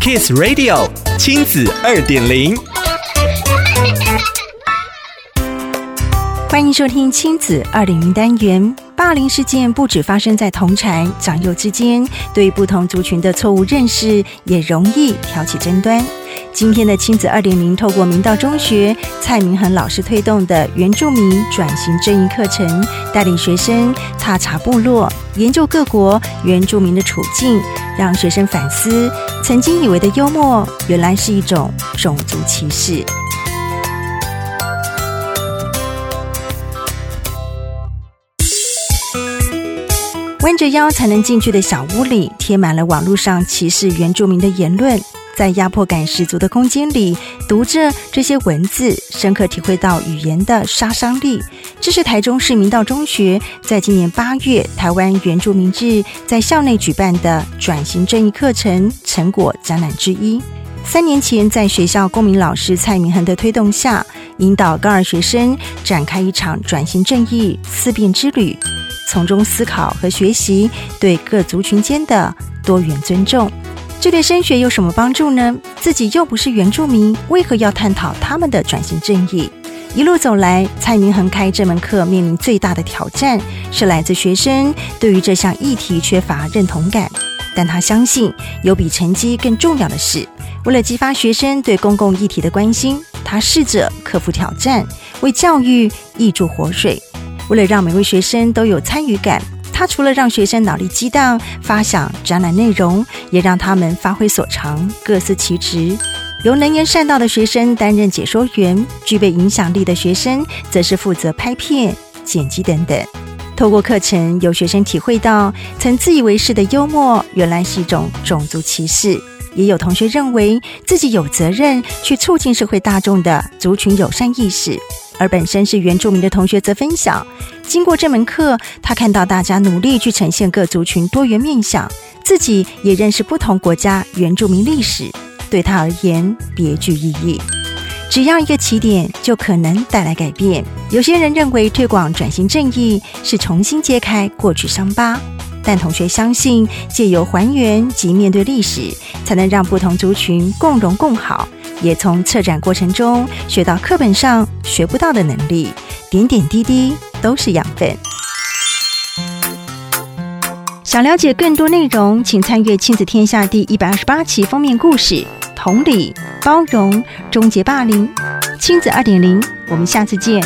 Kiss Radio 親子二點零，歡迎收聽親子二點零單元。霸凌事件不止發生在同儕、長幼之間，對不同族群的錯誤認識也容易挑起爭端。今天的親子二點零，透過明道中學蔡明恆老師推動的原住民轉型正義課程，帶領學生踏查部落，研究各國原住民的處境。讓學生反思曾經以為的幽默，原來是一種種族歧視。彎着腰才能進去的小屋裡，貼滿了網絡上歧視原住民的言論。在壓迫感十足的空間裡，讀着這些文字，深刻體會到語言的殺傷力。這是台中市明道中學在今年八月台灣原住民日在校內舉辦的轉型正義課程成果展覽之一。三年前，在學校公民老師蔡明恆的推動下，引導高二學生展開一場轉型正義思辨之旅，從中思考和學習對各族群間的多元尊重。這對升學有什麼幫助呢？自己又不是原住民，為何要探討他們的轉型正義？一路走來，蔡明恆開這門課面臨最大的挑戰是來自學生對於這項議題缺乏認同感。但他相信有比成績更重要的事。為了激發學生對公共議題的關心，他試着克服挑戰，為教育挹注活水。為了讓每位學生都有參與感。他除了讓學生腦力激盪、發想展覽內容，也讓他們發揮所長，各司其職。由能言善道的學生擔任解說員，具備影響力的學生則是負責拍片、剪輯等等。透過課程，有學生體會到曾自以為是的幽默，原來是一種種族歧視。也有同學認為自己有責任去促進社會大眾的族群友善意識。而本身是原住民的同學則分享，經過這門課，他看到大家努力去呈現各族群多元面向，自己也認識不同國家原住民歷史，對他而言別具意義。只要一個起點，就可能帶來改變。有些人認為推廣轉型正義是重新揭開過去傷疤，但同學相信，借由還原及面對歷史，才能讓不同族群共榮共好。也從策展過程中學到課本上學不到的能力，點點滴滴都是養分。想了解更多內容，請參閱《親子天下》第一百二十八期封面故事：同理、包容、終結霸凌，親子二點零。我們下次見。